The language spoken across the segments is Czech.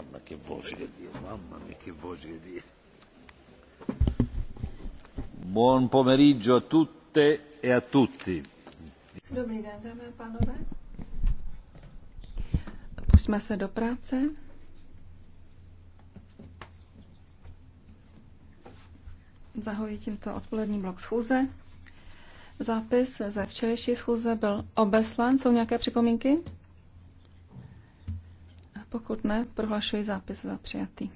Mamma che voce che Dio, mamma mia che voce che Dio. Buon pomeriggio a tutte e a tutti. Dobrý den, dámy a pánové. Pusme se do práce. Zahoji tímto odpolední blok schůze. Zápis ze včerejší schůze byl obeslán. Jsou nějaké připomínky? Pokud ne, prohlašuji zápis za přijatý.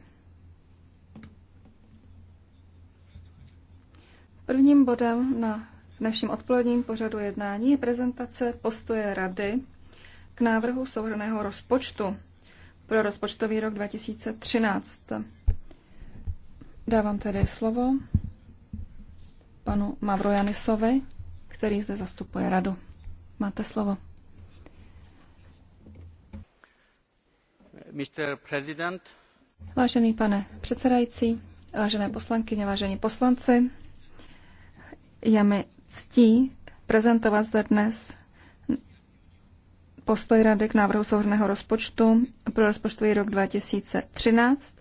Prvním bodem na dnešním odpoledním pořadu jednání je prezentace postoje Rady k návrhu souhrného rozpočtu pro rozpočtový rok 2013. Dávám tedy slovo panu Mavrojanisovi, který zde zastupuje radu. Máte slovo. Vážený pane předsedající, vážené poslankyně, vážení poslanci, je mi ctí prezentovat zde dnes postoj Rady k návrhu souhrného rozpočtu pro rozpočtový rok 2013.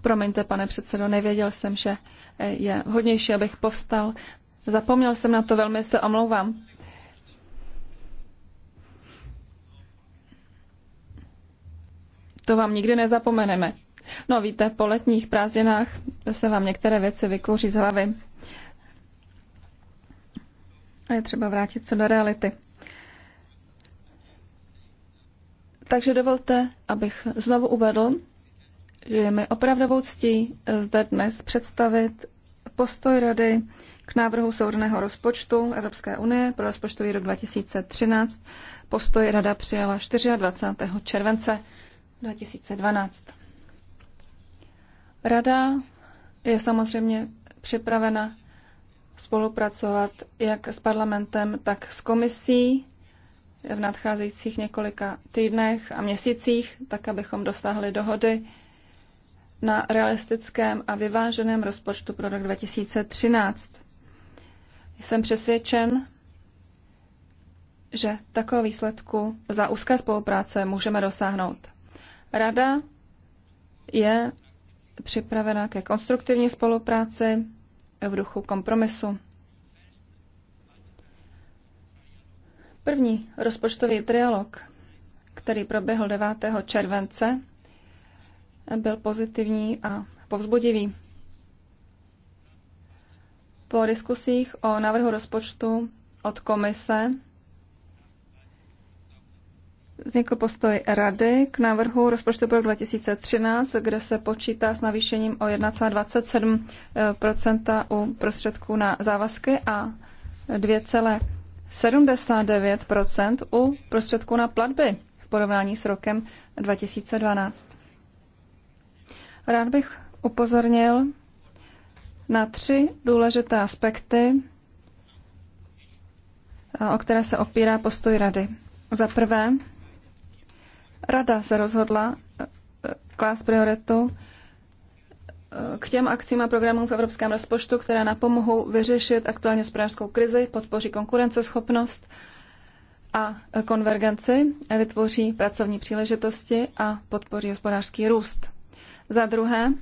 Promiňte, pane předsedo, nevěděl jsem, že je hodnější, abych povstal. Zapomněl jsem na to, velmi se omlouvám. To vám nikdy nezapomeneme. No víte, po letních prázdninách se vám některé věci vykouří z hlavy. A je třeba vrátit se do reality. Takže dovolte, abych znovu uvedl, že je mi opravdovou ctí zde dnes představit postoj Rady k návrhu souhrnného rozpočtu Evropské unie pro rozpočtový rok 2013. Postoj rada přijala 24. července 2012. Rada je samozřejmě připravena spolupracovat jak s parlamentem, tak s komisí v nadcházejících několika týdnech a měsících, tak abychom dosáhli dohody na realistickém a vyváženém rozpočtu pro rok 2013. Jsem přesvědčen, že takové výsledku za úzké spolupráce můžeme dosáhnout. Rada je připravena ke konstruktivní spolupráci v duchu kompromisu. První rozpočtový trialog, který proběhl 9. července, byl pozitivní a povzbudivý. Po diskusích o návrhu rozpočtu od komise vznikl postoj Rady k návrhu rozpočtu pro 2013, kde se počítá s navýšením o 1,27 u prostředků na závazky a 2,79 u prostředků na platby v porovnání s rokem 2012. Rád bych upozornil na tři důležité aspekty, eh, o které se opírá postoj Rady. Za prvé, Rada se rozhodla eh, klást prioritu eh, k těm akcím a programům v evropském rozpočtu, které napomohou vyřešit aktuálně hospodářskou krizi, podpoří konkurenceschopnost a konvergenci, vytvoří pracovní příležitosti a podpoří hospodářský růst. Za druhé,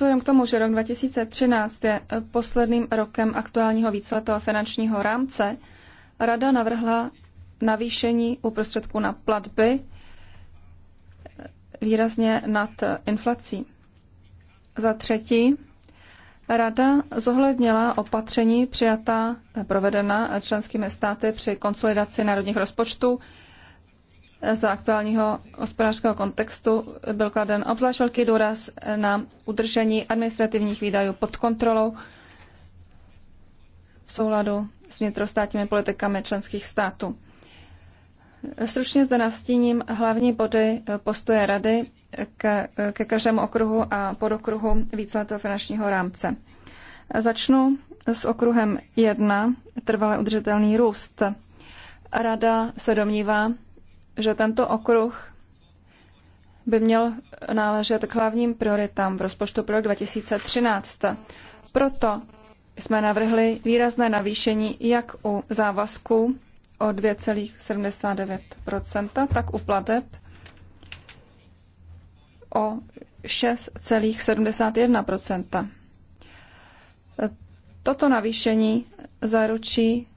Vzhledem k tomu, že rok 2013 je eh, posledním rokem aktuálního víceletého finančního rámce, Rada navrhla navýšení u prostředků na platby eh, výrazně nad eh, inflací. Za třetí, Rada zohlednila opatření přijatá provedena členskými státy při konsolidaci národních rozpočtů, za aktuálního hospodářského kontextu byl kladen obzvlášť velký důraz na udržení administrativních výdajů pod kontrolou v souladu s vnitrostátními politikami členských států. Stručně zde nastíním hlavní body postoje Rady ke, ke každému okruhu a podokruhu víceletého finančního rámce. Začnu s okruhem 1, trvale udržitelný růst. Rada se domnívá, že tento okruh by měl náležet k hlavním prioritám v rozpočtu pro rok 2013. Proto jsme navrhli výrazné navýšení jak u závazků o 2,79%, tak u plateb o 6,71%. Toto navýšení zaručí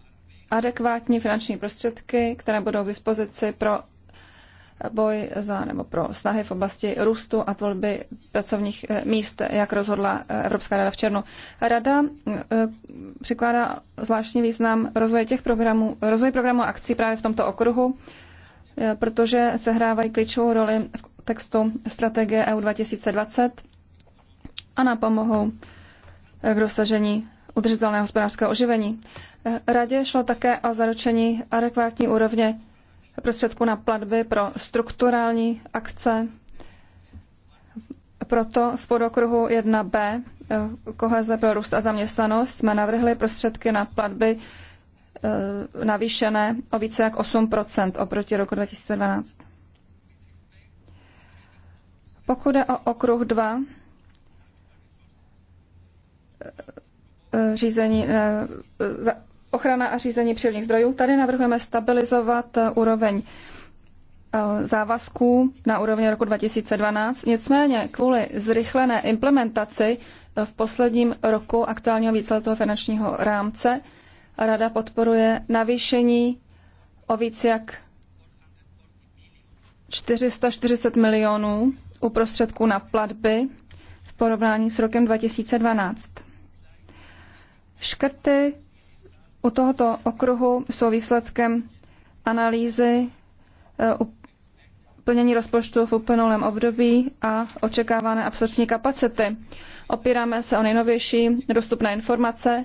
adekvátní finanční prostředky, které budou k dispozici pro boj za, nebo pro snahy v oblasti růstu a tvorby pracovních eh, míst, jak rozhodla eh, Evropská rada v černu. Rada eh, přikládá zvláštní význam rozvoje těch programů, rozvoj programů a akcí právě v tomto okruhu, protože se hrávají klíčovou roli v textu strategie EU 2020 a napomohou k dosažení udržitelného hospodářského oživení. Radě šlo také o zaručení adekvátní úrovně prostředků na platby pro strukturální akce. Proto v podokruhu 1b eh, koheze pro růst a zaměstnanost jsme navrhli prostředky na platby eh, navýšené o více jak 8 oproti roku 2012. Pokud je o okruh 2, eh, řízení ochrana a řízení přírodních zdrojů. Tady navrhujeme stabilizovat eh, úroveň eh, závazků na úrovni roku 2012. Nicméně kvůli zrychlené implementaci eh, v posledním roku aktuálního víceletého finančního rámce Rada podporuje navýšení o víc jak 440 milionů u prostředků na platby v porovnání s rokem 2012. Škrty u tohoto okruhu jsou výsledkem analýzy eh, plnění rozpočtu v uplynulém období a očekávané absorpční kapacity. Opíráme se o nejnovější dostupné informace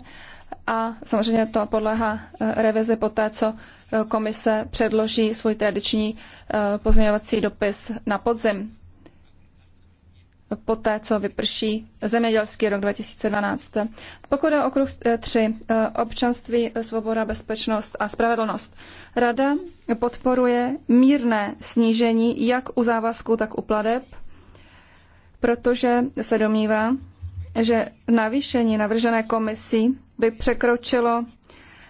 a samozřejmě to podléhá eh, revizi poté, co eh, komise předloží svůj tradiční pozměňovací dopis na podzim poté, co vyprší zemědělský rok 2012. Pokud je okruh 3, eh, eh, občanství, svoboda, bezpečnost a spravedlnost. Rada podporuje mírné snížení jak u závazků, tak u pladeb, protože se domnívá, že navýšení navržené komisí by překročilo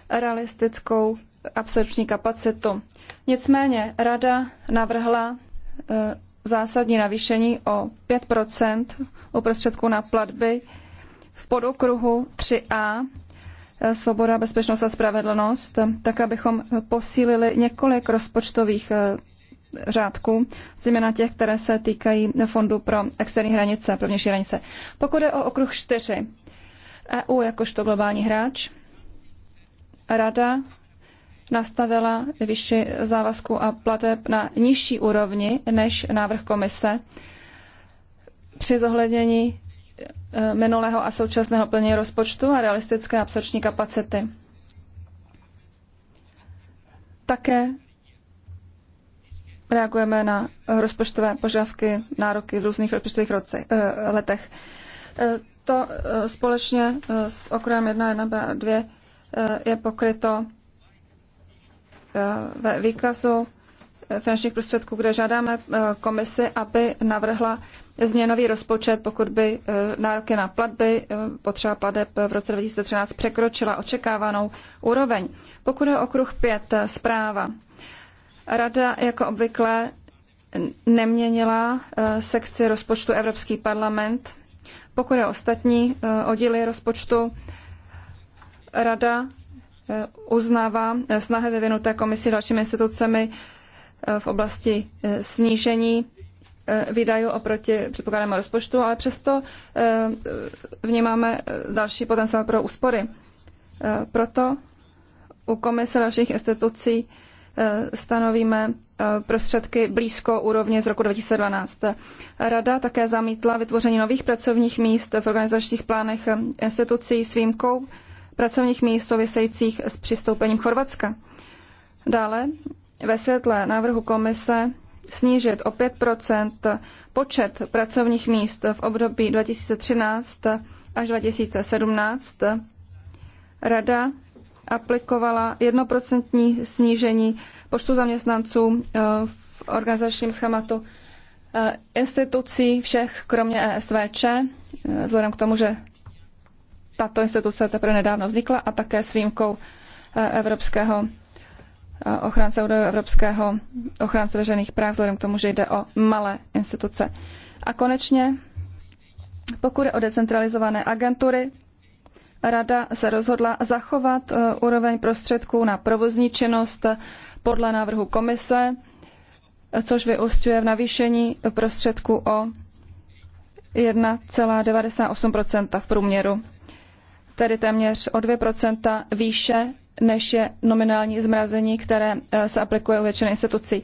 realistickou absorpční kapacitu. Nicméně rada navrhla eh, zásadní navýšení o 5 u prostředků na platby v podokruhu 3a eh, Svoboda, bezpečnost a spravedlnost, tak abychom posílili několik rozpočtových eh, řádků, zejména těch, které se týkají Fondu pro externí hranice, pro vnější hranice. Pokud je o okruh 4, EU jakožto globální hráč, Rada nastavila vyšší závazku a plateb na nižší úrovni než návrh komise při zohlednění e, minulého a současného plnění rozpočtu a realistické absorční kapacity. Také reagujeme na rozpočtové požadavky, nároky v různých rozpočtových roce, e, letech. E, to společně s okruhem 1, 1 2 je pokryto Eh, ve výkazu finančních prostředků, kde žádáme eh, komisi, aby navrhla změnový rozpočet, pokud by eh, nároky na platby, potřeba plateb v roce 2013 překročila očekávanou úroveň. Pokud je okruh 5, zpráva. Rada jako obvykle neměnila sekci rozpočtu Evropský parlament. Pokud je ostatní oddíly rozpočtu, Rada Eh, uznává eh, snahy vyvinuté komisí dalšími institucemi eh, v oblasti snížení výdajů oproti předpokládanému rozpočtu, ale přesto vnímáme další potenciál pro úspory. Proto u komise dalších institucí stanovíme prostředky blízko úrovně z roku 2012. Rada také zamítla vytvoření nových pracovních míst v organizačních plánech institucí s výjimkou pracovních míst souvisejících s přistoupením Chorvatska. Dále ve světle návrhu komise snížit o 5 počet pracovních míst v období 2013 až 2017 Rada aplikovala jednoprocentní snížení počtu zaměstnanců eh, v organizačním schématu eh, institucí všech, kromě ESVČ, eh, vzhledem k tomu, že tato instituce teprve nedávno vznikla a také s výjimkou eh, Evropského eh, ochránce údajů Evropského ochránce veřejných práv, vzhledem k tomu, že jde o malé instituce. A konečně, pokud je o decentralizované agentury, Rada se rozhodla zachovat eh, úroveň prostředků na provozní činnost podle návrhu komise, což vyústňuje v navýšení prostředků o 1,98 v průměru tedy téměř o 2% výše, než je nominální zmrazení, které eh, se aplikuje u většiny institucí.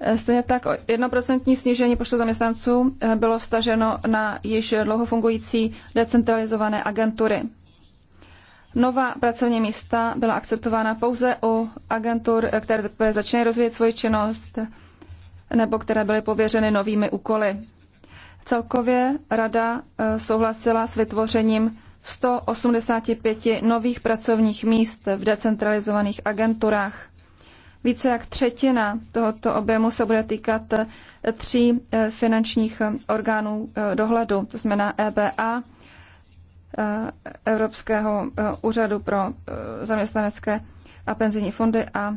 Eh, stejně tak 1% snížení počtu zaměstnanců eh, bylo vstaženo na již dlouho fungující decentralizované agentury. Nová pracovní místa byla akceptována pouze u agentur, které teprve začínají rozvíjet svoji činnost nebo které byly pověřeny novými úkoly. Celkově rada souhlasila s vytvořením 185 nových pracovních míst v decentralizovaných agenturách. Více jak třetina tohoto objemu se bude týkat eh, tří eh, finančních eh, orgánů dohledu, to znamená EBA, Evropského úřadu pro zaměstnanecké a penzijní fondy a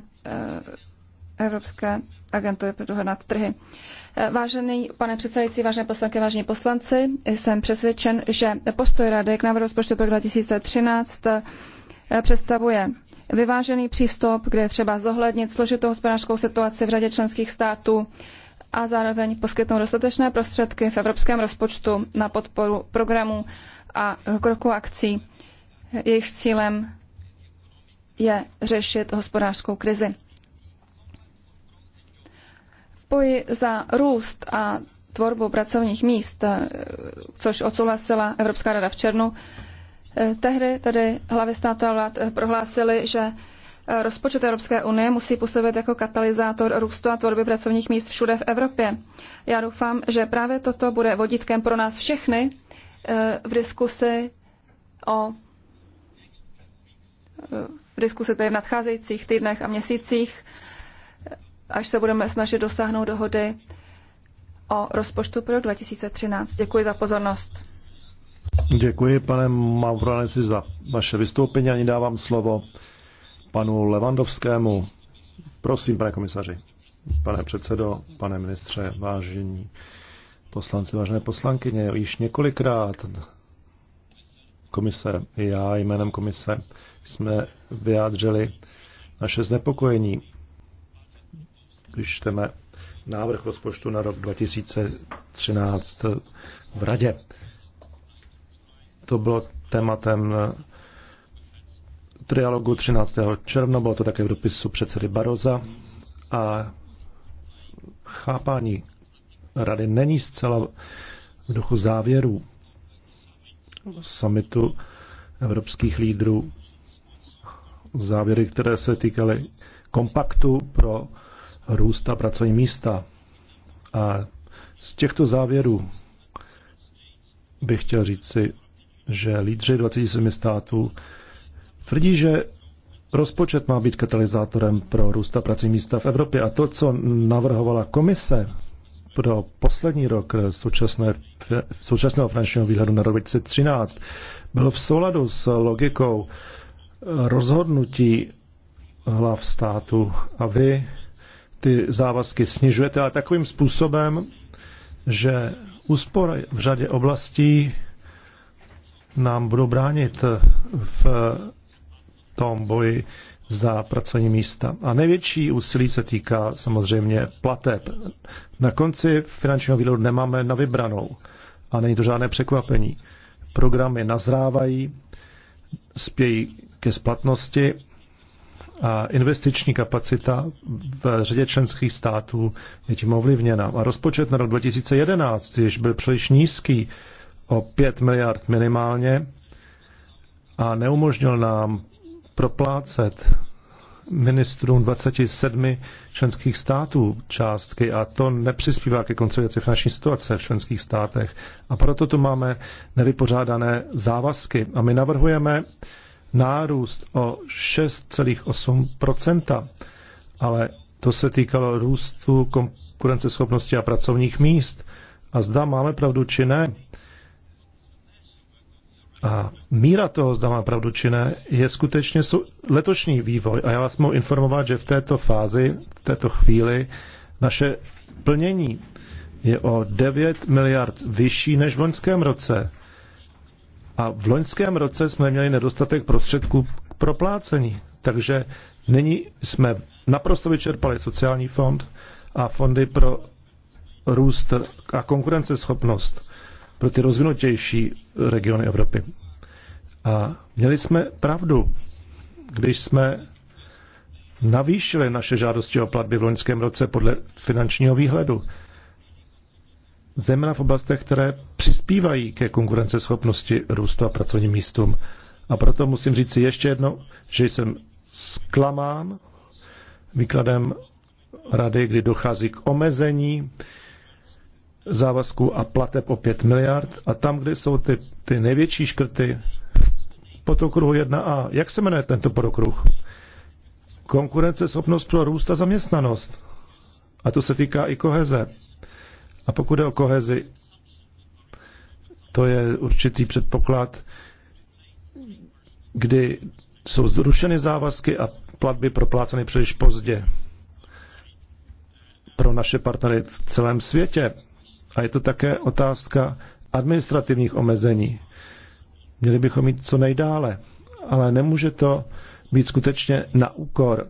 Evropské agentury pro dohled nad trhy. Eh, Vážený pane předsedající, vážené poslanky, vážení poslanci, jsem přesvědčen, že postoj Rady k návrhu rozpočtu pro 2013 eh, představuje vyvážený přístup, kde je třeba zohlednit složitou hospodářskou situaci v řadě členských států a zároveň poskytnout dostatečné prostředky v evropském rozpočtu na podporu programů a kroku akcí. Jejich cílem je řešit hospodářskou krizi boji za růst a tvorbu pracovních míst, eh, což odsouhlasila Evropská rada v černu, eh, tehdy tedy hlavy státu a vlád eh, prohlásili, že rozpočet Evropské unie musí působit jako katalyzátor růstu a tvorby pracovních míst všude v Evropě. Já doufám, že právě toto bude vodítkem pro nás všechny v diskusi o v diskusi tedy v nadcházejících týdnech a měsících až se budeme snažit dosáhnout dohody o rozpočtu pro 2013. Děkuji za pozornost. Děkuji, pane Mauraneci, za vaše vystoupení. Ani dávám slovo panu Levandovskému. Prosím, pane komisaři, pane předsedo, pane ministře, vážení poslanci, vážené poslankyně, již několikrát komise já jménem komise jsme vyjádřili naše znepokojení když čteme návrh rozpočtu na rok 2013 v Radě. To bylo tématem eh, trialogu 13. června, bylo to také v dopisu předsedy Baroza a chápání rady není zcela v duchu závěrů summitu evropských lídrů. Závěry, které se týkaly kompaktu pro Růsta pracovní místa. A z těchto závěrů bych chtěl říci, že lídři 27 států tvrdí, že rozpočet má být katalyzátorem pro růst pracovní místa v Evropě. A to, co navrhovala komise pro poslední rok současné, současného finančního výhledu na rok 2013, bylo v souladu s logikou rozhodnutí hlav státu. A vy ty závazky snižujete, ale takovým způsobem, že úspory v řadě oblastí nám budou bránit v tom boji za pracovní místa. A největší úsilí se týká samozřejmě plateb. Na konci finančního výhledu nemáme na vybranou a není to žádné překvapení. Programy nazrávají, spějí ke splatnosti a investiční kapacita v řadě členských států je tím ovlivněna. A rozpočet na rok 2011 když byl příliš nízký o 5 miliard minimálně a neumožnil nám proplácet ministrům 27 členských států částky a to nepřispívá ke konsolidaci finanční situace v členských státech. A proto tu máme nevypořádané závazky. A my navrhujeme nárůst o 6,8%, ale to se týkalo růstu konkurenceschopnosti a pracovních míst. A zda máme pravdu či ne, a míra toho, zda má pravdu či ne, je skutečně letošní vývoj. A já vás mohu informovat, že v této fázi, v této chvíli, naše plnění je o 9 miliard vyšší než v loňském roce. A v loňském roce jsme měli nedostatek prostředků k proplácení. Takže nyní jsme naprosto vyčerpali sociální fond a fondy pro růst a konkurenceschopnost pro ty rozvinutější regiony Evropy. A měli jsme pravdu, když jsme navýšili naše žádosti o platby v loňském roce podle finančního výhledu zejména v oblastech, které přispívají ke konkurenceschopnosti růstu a pracovním místům. A proto musím říct si ještě jedno, že jsem zklamán výkladem rady, kdy dochází k omezení závazků a plateb o 5 miliard a tam, kde jsou ty, ty největší škrty v podokruhu 1a. Jak se jmenuje tento podokruh? Konkurenceschopnost pro růst a zaměstnanost. A to se týká i koheze. A pokud je o kohezi, to je určitý předpoklad, kdy jsou zrušeny závazky a platby propláceny příliš pozdě pro naše partnery v celém světě. A je to také otázka administrativních omezení. Měli bychom mít co nejdále, ale nemůže to být skutečně na úkor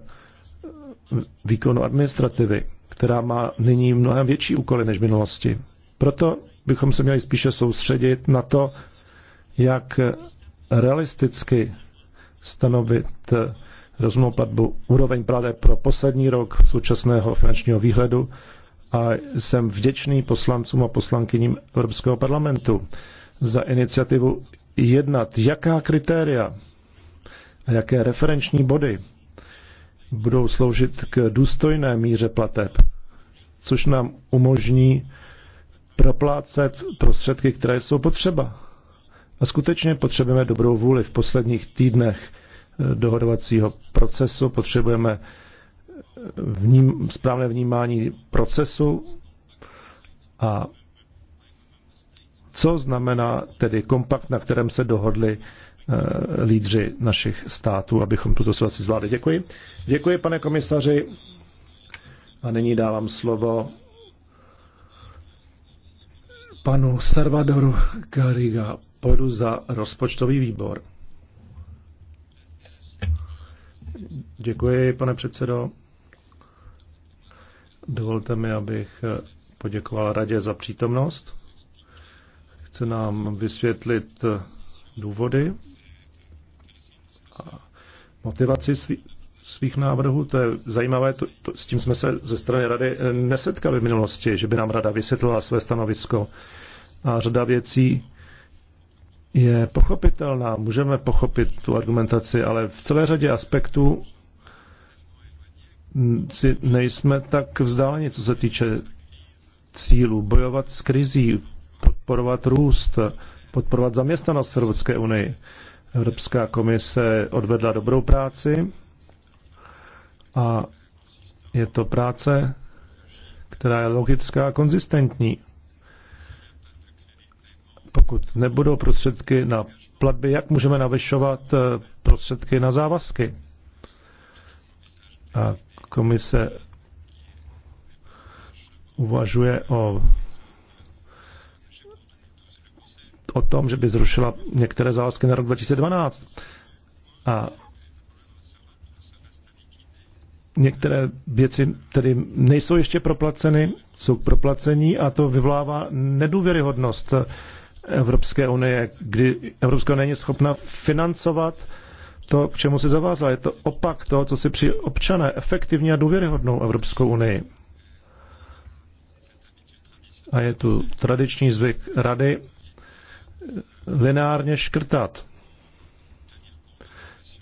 výkonu administrativy která má nyní mnohem větší úkoly než v minulosti. Proto bychom se měli spíše soustředit na to, jak realisticky stanovit rozumnou platbu úroveň právě pro poslední rok současného finančního výhledu a jsem vděčný poslancům a poslankyním Evropského parlamentu za iniciativu jednat, jaká kritéria a jaké referenční body budou sloužit k důstojné míře plateb což nám umožní proplácet prostředky, které jsou potřeba. A skutečně potřebujeme dobrou vůli. V posledních týdnech eh, dohodovacího procesu potřebujeme eh, vním, správné vnímání procesu a co znamená tedy kompakt, na kterém se dohodli eh, lídři našich států, abychom tuto situaci zvládli. Děkuji. Děkuji, pane komisaři. A nyní dávám slovo panu Salvadoru Gariga Podu za rozpočtový výbor. Děkuji, pane předsedo. Dovolte mi, abych poděkoval radě za přítomnost. Chce nám vysvětlit důvody a motivaci svých návrhů. To je zajímavé, to, to, s tím jsme se ze strany rady eh, nesetkali v minulosti, že by nám rada vysvětlila své stanovisko. A řada věcí je pochopitelná, můžeme pochopit tu argumentaci, ale v celé řadě aspektů si nejsme tak vzdáleni, co se týče cílů. Bojovat s krizí, podporovat růst, podporovat zaměstnanost v Evropské unii. Evropská komise odvedla dobrou práci, a je to práce, která je logická a konzistentní. Pokud nebudou prostředky na platby, jak můžeme navyšovat eh, prostředky na závazky? A komise uvažuje o o tom, že by zrušila některé závazky na rok 2012. A některé věci tedy nejsou ještě proplaceny, jsou k proplacení a to vyvolává nedůvěryhodnost Evropské unie, kdy Evropská unie není schopna financovat to, k čemu se zavázala. Je to opak toho, co si při občané efektivně a důvěryhodnou Evropskou unii. A je tu tradiční zvyk rady lineárně škrtat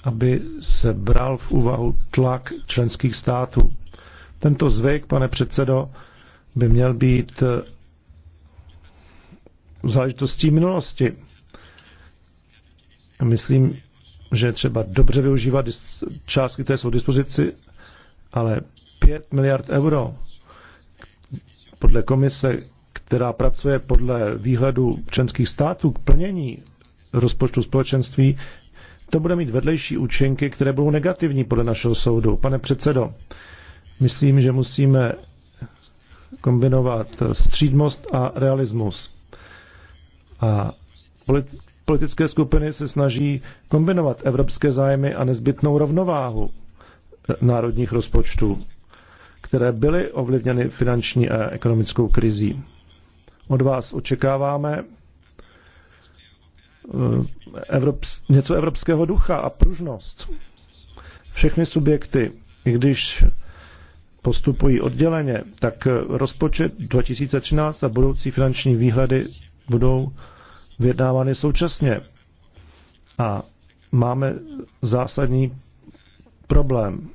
aby se bral v úvahu tlak členských států. Tento zvyk, pane předsedo, by měl být eh, záležitostí minulosti. Myslím, že je třeba dobře využívat částky, které jsou v dispozici, ale 5 miliard euro podle komise, která pracuje podle výhledu členských států k plnění rozpočtu společenství, to bude mít vedlejší účinky, které budou negativní podle našeho soudu. Pane předsedo, myslím, že musíme kombinovat střídmost a realismus. A politické skupiny se snaží kombinovat evropské zájmy a nezbytnou rovnováhu národních rozpočtů, které byly ovlivněny finanční a ekonomickou krizí. Od vás očekáváme Eh, evropsk, něco evropského ducha a pružnost. Všechny subjekty, i když postupují odděleně, tak eh, rozpočet 2013 a budoucí finanční výhledy budou vyjednávány současně. A máme zásadní problém.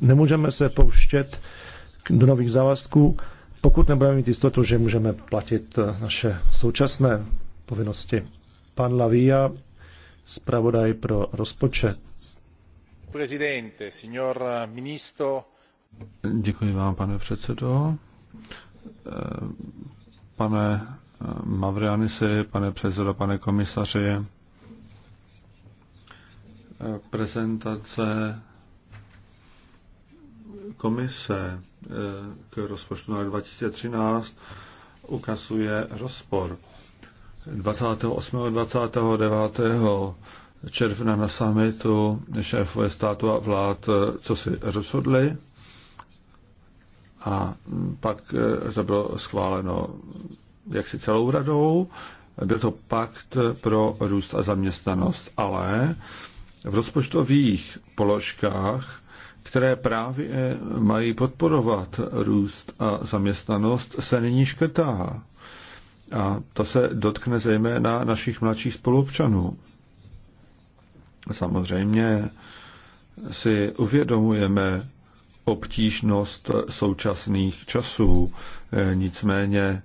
Nemůžeme se pouštět do nových závazků, pokud nebudeme mít jistotu, že můžeme platit eh, naše současné povinnosti. Pan Lavia, zpravodaj pro rozpočet. Prezidente, signor ministro. Děkuji vám, pane předsedo. Eh, pane eh, Mavrianisi, pane předsedo, pane komisaři, prezentace komise eh, k rozpočtu na 2013 ukazuje rozpor. 28. a 29. června na summitu šéfové státu a vlád, eh, co si rozhodli, a hm, pak eh, to bylo schváleno jaksi celou radou. Byl to pakt pro růst a zaměstnanost, ale v rozpočtových položkách které právě mají podporovat růst a zaměstnanost, se nyní škrtá. A to se dotkne zejména našich mladších spolupčanů. Samozřejmě si uvědomujeme obtížnost současných časů. Nicméně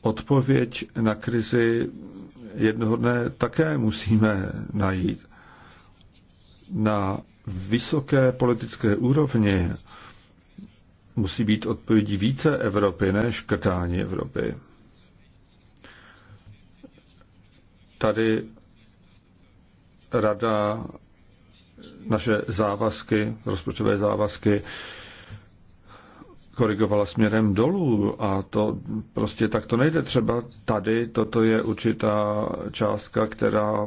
odpověď na krizi jednoho dne také musíme najít. Na vysoké politické úrovni musí být odpovědí více Evropy, ne škrtání Evropy. Tady rada naše závazky, rozpočtové závazky, korigovala směrem dolů a to prostě tak to nejde. Třeba tady toto je určitá částka, která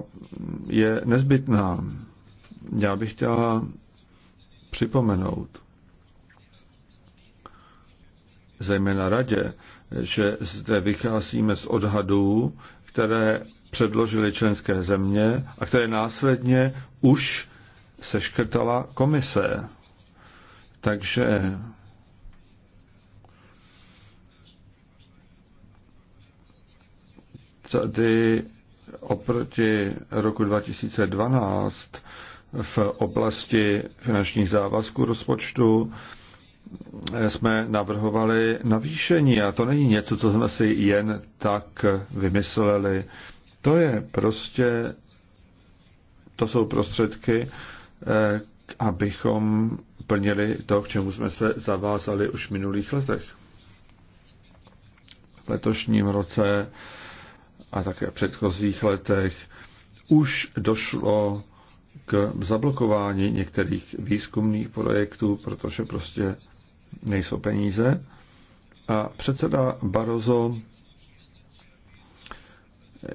je nezbytná já bych chtěla připomenout zejména radě, že zde vycházíme z odhadů, které předložily členské země a které následně už seškrtala komise. Takže tady oproti roku 2012 v oblasti finančních závazků rozpočtu eh, jsme navrhovali navýšení a to není něco, co jsme si jen tak vymysleli. To je prostě, to jsou prostředky, eh, abychom plnili to, k čemu jsme se zavázali už v minulých letech. V letošním roce a také v předchozích letech už došlo k zablokování některých výzkumných projektů, protože prostě nejsou peníze. A předseda Barozo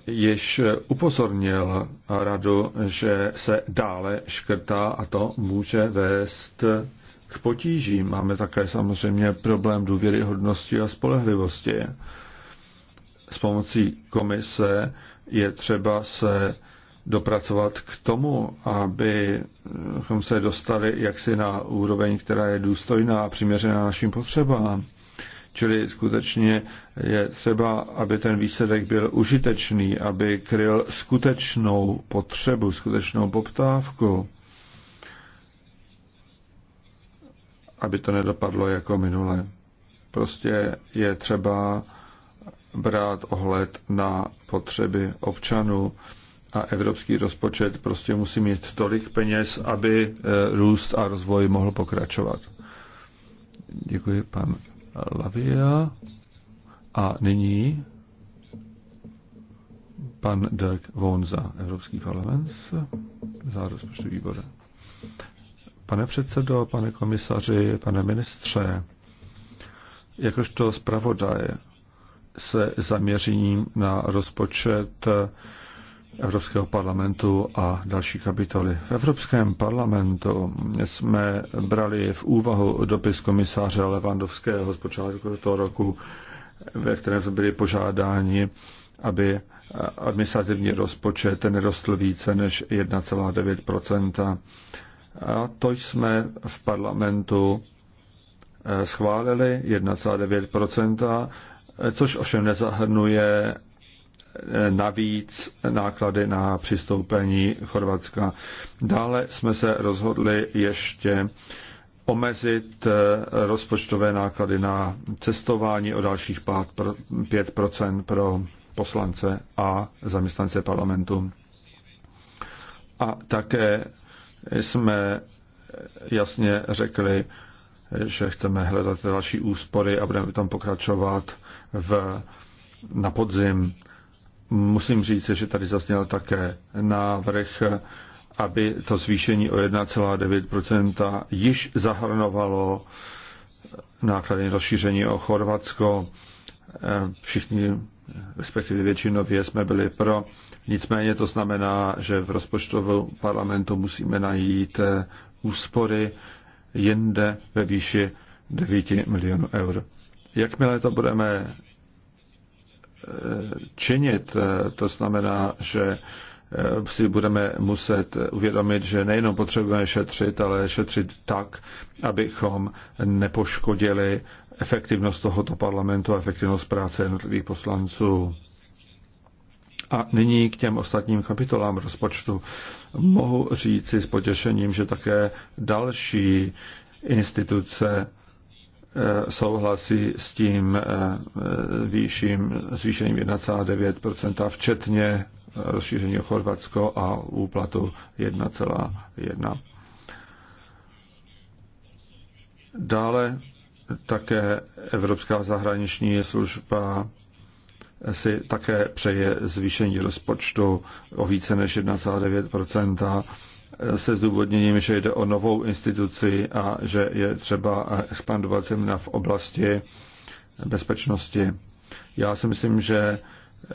jež upozornil radu, že se dále škrtá a to může vést k potížím. Máme také samozřejmě problém důvěryhodnosti a spolehlivosti. S pomocí komise je třeba se dopracovat k tomu, abychom se dostali jaksi na úroveň, která je důstojná a přiměřená našim potřebám. Čili skutečně je třeba, aby ten výsledek byl užitečný, aby kryl skutečnou potřebu, skutečnou poptávku, aby to nedopadlo jako minule. Prostě je třeba brát ohled na potřeby občanů a evropský rozpočet prostě musí mít tolik peněz, aby eh, růst a rozvoj mohl pokračovat. Děkuji, pan Lavia. A nyní pan Dirk Von za Evropský parlament, za rozpočtový výbor. Pane předsedo, pane komisaři, pane ministře, jakožto zpravodaj se zaměřením na rozpočet Evropského parlamentu a další kapitoly. V Evropském parlamentu jsme brali v úvahu dopis komisáře Levandovského z počátku toho roku, ve kterém jsme byli požádáni, aby administrativní rozpočet nerostl více než 1,9 A to jsme v parlamentu eh, schválili 1,9 což ovšem nezahrnuje navíc náklady na přistoupení Chorvatska. Dále jsme se rozhodli ještě omezit eh, rozpočtové náklady na cestování o dalších 5% pro poslance a zaměstnance parlamentu. A také jsme jasně řekli, že chceme hledat další úspory a budeme tam pokračovat v, na podzim. Musím říct, že tady zazněl také návrh, aby to zvýšení o 1,9 již zahrnovalo náklady rozšíření o Chorvatsko. Eh, všichni, respektive většinově, jsme byli pro. Nicméně to znamená, že v rozpočtovém parlamentu musíme najít eh, úspory jinde ve výši 9 milionů eur. Jakmile to budeme činit. To znamená, že eh, si budeme muset uvědomit, že nejenom potřebujeme šetřit, ale šetřit tak, abychom nepoškodili efektivnost tohoto parlamentu a efektivnost práce jednotlivých poslanců. A nyní k těm ostatním kapitolám rozpočtu. Mohu říci s potěšením, že také další instituce Eh, souhlasí s tím eh, eh, výším, zvýšením 1,9%, včetně rozšíření o Chorvatsko a úplatu 1,1%. Dále také Evropská zahraniční služba si také přeje zvýšení rozpočtu o více než 1,9 se zdůvodněním, že jde o novou instituci a že je třeba expandovat zejména v oblasti bezpečnosti. Já si myslím, že eh,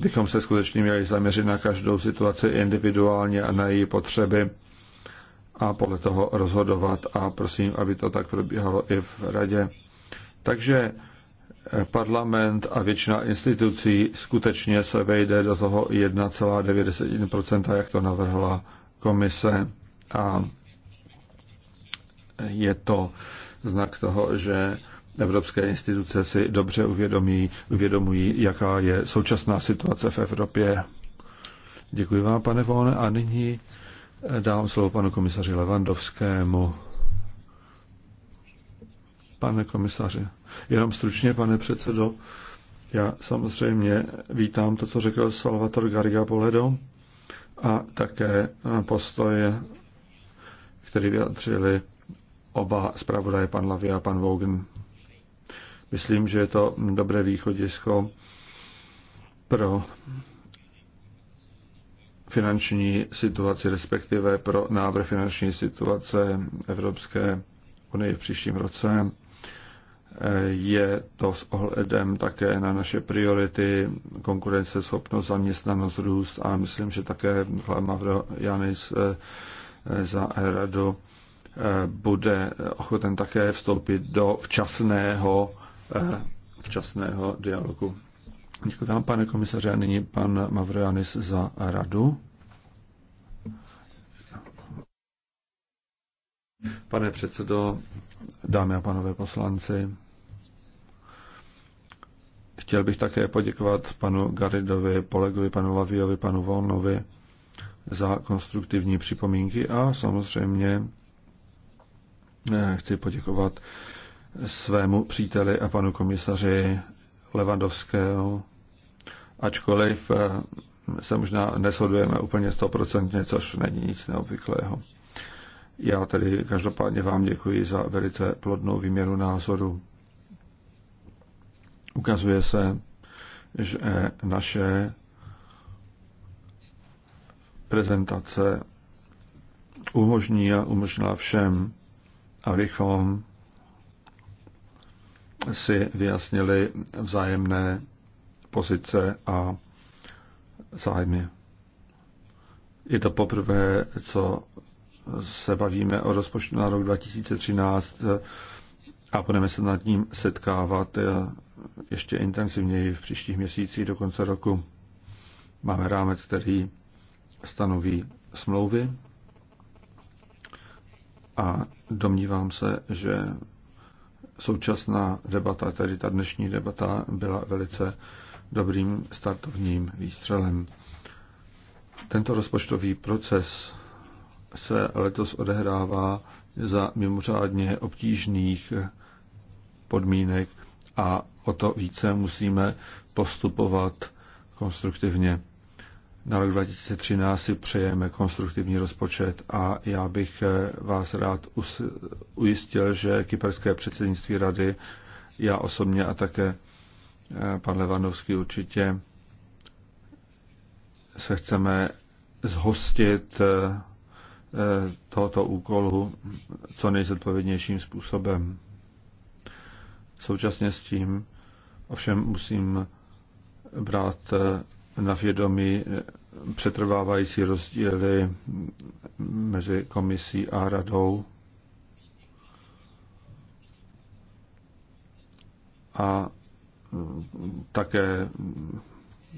bychom se skutečně měli zaměřit na každou situaci individuálně a na její potřeby a podle toho rozhodovat a prosím, aby to tak probíhalo i v radě. Takže eh, parlament a většina institucí skutečně se vejde do toho 1,9%, jak to navrhla komise a je to znak toho, že evropské instituce si dobře uvědomí, uvědomují, jaká je současná situace v Evropě. Děkuji vám, pane Vone, a nyní dávám slovo panu komisaři Levandovskému. Pane komisaři, jenom stručně, pane předsedo, já samozřejmě vítám to, co řekl Salvator Garriga Poledo a také postoje, který vyjadřili oba zpravodaje, pan Lavi a pan Vogen. Myslím, že je to dobré východisko pro finanční situaci, respektive pro návrh finanční situace Evropské unie v příštím roce je to s ohledem také na naše priority konkurenceschopnost, zaměstnanost, růst a myslím, že také Mavro Janis eh, za radu eh, bude ochoten také vstoupit do včasného, eh, včasného dialogu. Děkuji vám, pane komisaře, a nyní pan Mavrojanis za radu. Pane předsedo, dámy a pánové poslanci, Chtěl bych také poděkovat panu Garidovi, Polegovi, panu Laviovi, panu Volnovi za konstruktivní připomínky a samozřejmě eh, chci poděkovat svému příteli a panu komisaři Levandovského, ačkoliv eh, se možná neshodujeme úplně stoprocentně, což není nic neobvyklého. Já tedy každopádně vám děkuji za velice plodnou výměru názoru. Ukazuje se, že naše prezentace umožní a umožnila všem, abychom si vyjasnili vzájemné pozice a zájmy. Je to poprvé, co se bavíme o rozpočtu na rok 2013 a budeme se nad ním setkávat eh, ještě intenzivněji v příštích měsících do konce roku. Máme rámec, který stanoví smlouvy a domnívám se, že současná debata, tedy ta dnešní debata, byla velice dobrým startovním výstřelem. Tento rozpočtový proces se letos odehrává za mimořádně obtížných podmínek a o to více musíme postupovat konstruktivně. Na rok 2013 si přejeme konstruktivní rozpočet a já bych eh, vás rád ujistil, že kyperské předsednictví rady, já osobně a také eh, pan Levandovský určitě se chceme zhostit eh, tohoto úkolu co nejzodpovědnějším způsobem. Současně s tím ovšem musím brát na vědomí přetrvávající rozdíly mezi komisí a radou. A také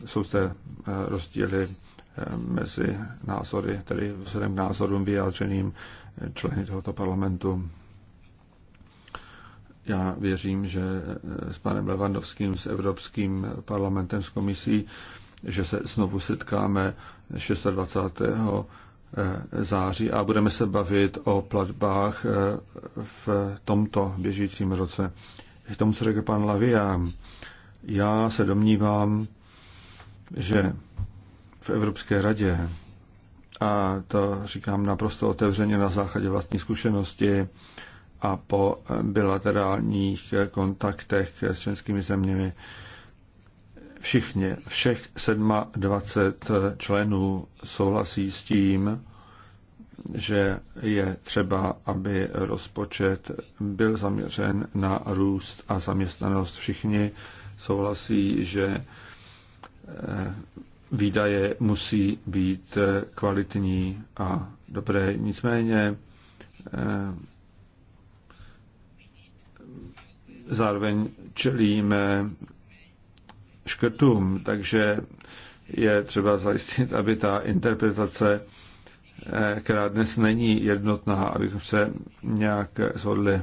jsou zde rozdíly mezi názory, tedy vzhledem k názorům vyjádřeným členy tohoto parlamentu já věřím, že eh, s panem Levandovským, s Evropským parlamentem, s komisí, že se znovu setkáme 26. Eh, září a budeme se bavit o platbách eh, v tomto běžícím roce. K tomu, co řekl pan Lavia, já se domnívám, že v Evropské radě, a to říkám naprosto otevřeně na základě vlastní zkušenosti, a po bilaterálních kontaktech s členskými zeměmi všichni, všech 27 členů souhlasí s tím, že je třeba, aby rozpočet byl zaměřen na růst a zaměstnanost. Všichni souhlasí, že eh, výdaje musí být kvalitní a dobré. Nicméně eh, zároveň čelíme škrtům, takže je třeba zajistit, aby ta interpretace, eh, která dnes není jednotná, abychom se nějak shodli.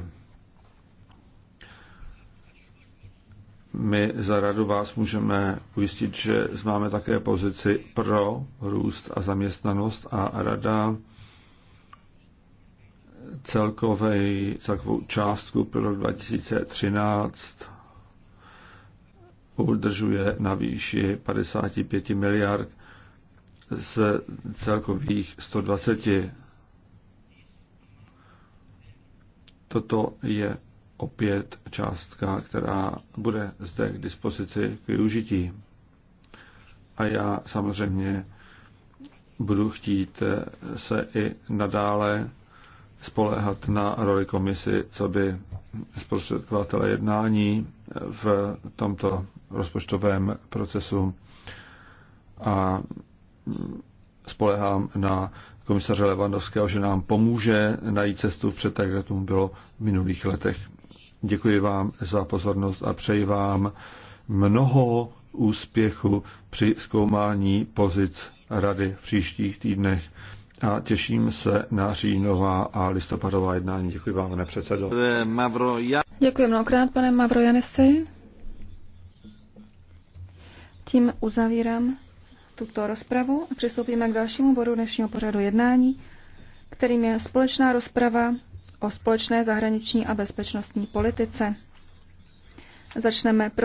My za radu vás můžeme ujistit, že známe také pozici pro růst a zaměstnanost a rada celkovej, celkovou částku pro rok 2013 udržuje na výši 55 miliard z celkových 120. Toto je opět částka, která bude zde k dispozici k využití. A já samozřejmě budu chtít se i nadále spoléhat na roli komisy, co by zprostředkovatele jednání v tomto rozpočtovém procesu a spolehám na komisaře Levandovského, že nám pomůže najít cestu vpřed, tak jak tomu bylo v minulých letech. Děkuji vám za pozornost a přeji vám mnoho úspěchu při zkoumání pozic rady v příštích týdnech a těším se na říjnová a listopadová jednání. Děkuji vám, pane předsedo. Děkuji mnohokrát, pane Mavro Tím uzavírám tuto rozpravu a přistoupíme k dalšímu bodu dnešního pořadu jednání, kterým je společná rozprava o společné zahraniční a bezpečnostní politice. Začneme pro